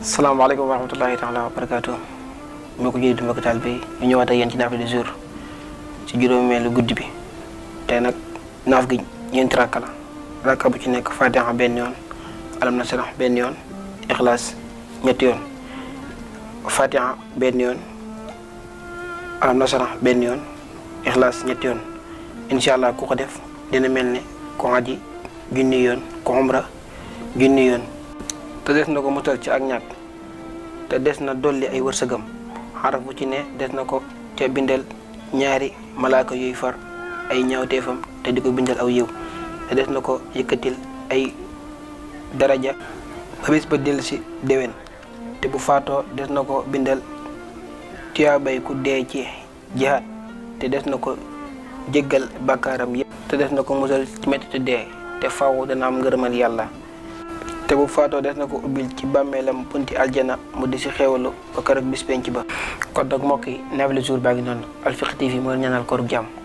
salaamaaleykum wa rahmatullahi taala wa barakaatu mbokk jullit di mbokk bi ñu ñëwaat ak yéen ci naafila du jour ci juróomeelu guddi bi tey nag naaf gi ñeenti rakka rakka bu ci nekk fatiha benn yoon alam nasrah benn yoon ixlaas ñetti yoon fatiha benn yoon alam nasrah benn yoon ixlaas ñetti yoon allah ku ko def dina mel ne ko aji junni yoon ko umra junni yoon te des na ko musal ci ak ñàkk te des na dolli ay wërsëgam xaraf bu ci ne des na ko ca bindal ñaari malaaka yuy far ay ñaawteefam te di ko bindal aw yiw te des na ko yëkkatil ay daraja ba bis ba dellu si déwén te bu faatoo des na ko bindal tuyaabay ku dee ci jihaat te des na ko jéggal bàkkaaram yëpp te des na ko musal ci metti dee te faaw dana am ngërëmal yàlla te bu faatoo des na ko ubbil ci bàmmeelam bunti aljana mu di si xéewalu ba keroog bis penc ba kon nag mbokk yi Nouvelle Jour baa ngi noonu Al Fiqh TV mooy ñaanal koor jàmm